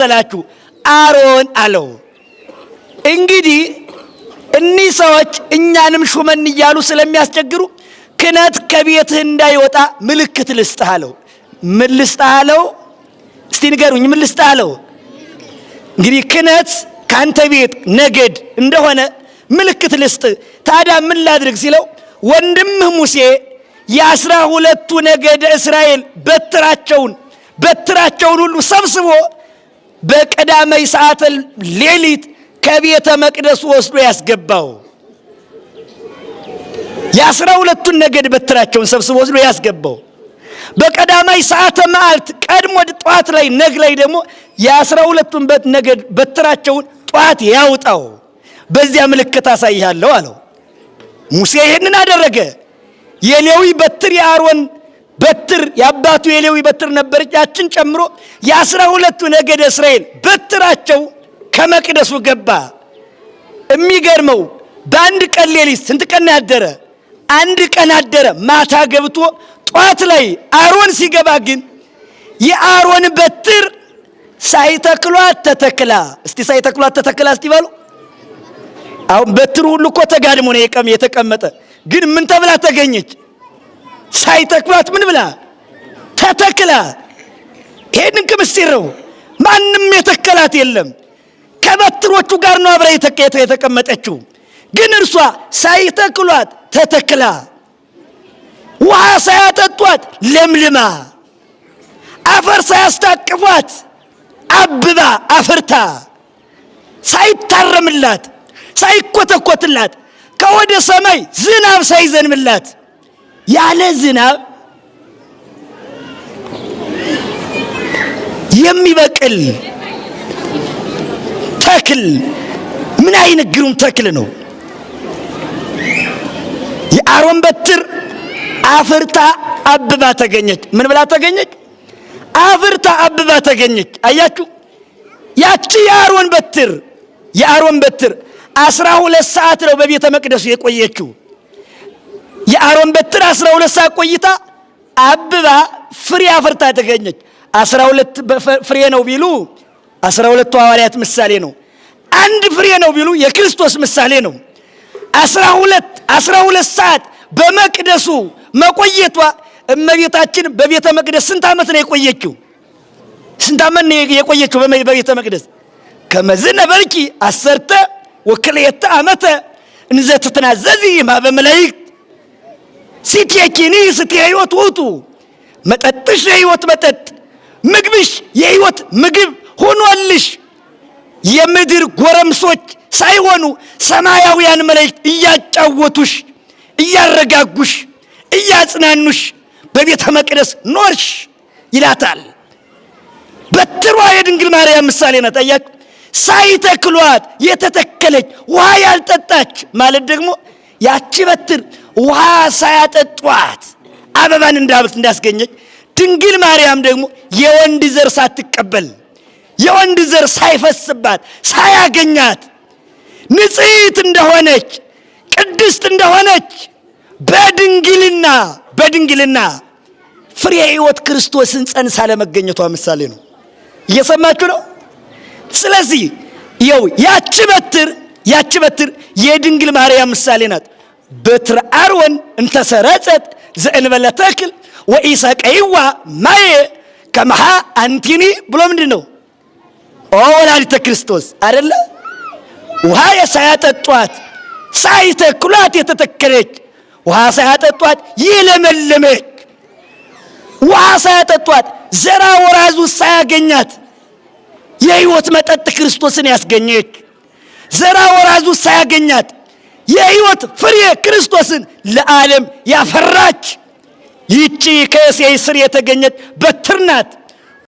በላችሁ አሮን አለው። እንግዲህ እኒህ ሰዎች እኛንም ሹመን እያሉ ስለሚያስቸግሩ ክነት ከቤትህ እንዳይወጣ ምልክት ልስጥህ አለው። ምን ልስጥህ አለው? እስቲ ንገሩኝ፣ ምን ልስጥህ አለው? እንግዲህ ክነት ከአንተ ቤት ነገድ እንደሆነ ምልክት ልስጥ። ታዲያ ምን ላድርግ ሲለው ወንድምህ ሙሴ የአስራ ሁለቱ ነገደ እስራኤል በትራቸውን በትራቸውን ሁሉ ሰብስቦ በቀዳማይ ሰዓት ሌሊት ከቤተ መቅደሱ ወስዶ ያስገባው የአስራ ሁለቱን ነገድ በትራቸውን ሰብስቦ ወስዶ ያስገባው በቀዳማይ ሰዓተ መዓልት ቀድሞ ጠዋት ላይ ነግ ላይ ደግሞ የአስራ ሁለቱን ነገድ በትራቸውን ጠዋት ያውጣው፣ በዚያ ምልክት አሳይሃለሁ አለው። ሙሴ ይህንን አደረገ። የሌዊ በትር የአሮን በትር የአባቱ የሌዊ በትር ነበር። ያችን ጨምሮ የአስራ ሁለቱ ነገድ እስራኤል በትራቸው ከመቅደሱ ገባ። የሚገርመው በአንድ ቀን ሌሊት ስንት ቀን ያደረ? አንድ ቀን አደረ። ማታ ገብቶ ጧት ላይ አሮን ሲገባ ግን የአሮን በትር ሳይተክሏት ተተክላ። እስቲ ሳይተክሏት ተተክላ እስቲ በሉ። አሁን በትሩ ሁሉ እኮ ተጋድሞ ነው የተቀመጠ። ግን ምን ተብላ ተገኘች? ሳይተክሏት ምን ብላ ተተክላ። ይሄንን ምስጢር ነው። ማንም የተከላት የለም። ከበትሮቹ ጋር ነው አብራ የተቀመጠችው። ግን እርሷ ሳይተክሏት ተተክላ፣ ውሃ ሳያጠጧት ለምልማ፣ አፈር ሳያስታቅፏት አብባ አፍርታ፣ ሳይታረምላት፣ ሳይኮተኮትላት፣ ከወደ ሰማይ ዝናብ ሳይዘንብላት ያለ ዝናብ የሚበቅል ተክል ምን አይነት ግሩም ተክል ነው! የአሮን በትር አፍርታ አብባ ተገኘች። ምን ብላ ተገኘች? አፍርታ አብባ ተገኘች። አያችሁ፣ ያቺ የአሮን በትር የአሮን በትር አስራ ሁለት ሰዓት ነው በቤተ መቅደሱ የቆየችው። የአሮን በትር አስራ ሁለት ሰዓት ቆይታ አብባ ፍሬ አፍርታ ተገኘች። አስራ ሁለት ፍሬ ነው ቢሉ አስራ ሁለቱ ሐዋርያት ምሳሌ ነው። አንድ ፍሬ ነው ቢሉ የክርስቶስ ምሳሌ ነው። አስራ ሁለት አስራ ሁለት ሰዓት በመቅደሱ መቆየቷ እመቤታችን በቤተ መቅደስ ስንት ዓመት ነው የቆየችው? ስንት ዓመት ነው የቆየችው በቤተ መቅደስ? ከመዝነ በልኪ አሰርተ ወክልኤተ ዓመተ እንዘ ትትናዘዚ ማበ መላእክት ሲትየኪኒ ስት የህይወት ውጡ። መጠጥሽ የህይወት መጠጥ፣ ምግብሽ የህይወት ምግብ ሆኗልሽ። የምድር ጎረምሶች ሳይሆኑ ሰማያውያን መላእክት እያጫወቱሽ፣ እያረጋጉሽ፣ እያጽናኑሽ በቤተ መቅደስ ኖርሽ ይላታል። በትሯ የድንግል ማርያም ምሳሌ ናት። አያችሁ፣ ሳይተክሏት የተተከለች ውሃ ያልጠጣች ማለት ደግሞ ያቺ በትር ውሃ ሳያጠጧት አበባን እንዳብት እንዳስገኘች ድንግል ማርያም ደግሞ የወንድ ዘር ሳትቀበል የወንድ ዘር ሳይፈስባት ሳያገኛት ንጽሕት እንደሆነች ቅድስት እንደሆነች በድንግልና በድንግልና ፍሬ ሕይወት ክርስቶስን ጸንሳ ለመገኘቷ ምሳሌ ነው። እየሰማችሁ ነው። ስለዚህ ይኸው ያቺ በትር ያቺ በትር የድንግል ማርያም ምሳሌ ናት። ብትረ አርወን እንተሰረፀት ዘእንበለ ተክል ወኢሰቀይዋ ማየ ከመሃ አንቲኒ ብሎ ምንድን ነው ኦ ወላዲተ ክርስቶስ አደለ ውሃ ሳያጠጧት ሳይተክሏት የተተከለች ውሃ ሳያጠጧት የለመለመች ውሃ ሳያጠጧት ዘራ ወራዙ ሳያገኛት የሕይወት መጠጥ ክርስቶስን ያስገኘች ዘራ ወራዙ ሳያገኛት የህይወት ፍሬ ክርስቶስን ለዓለም ያፈራች ይቺ ከእሴይ ስር የተገኘች በትር ናት።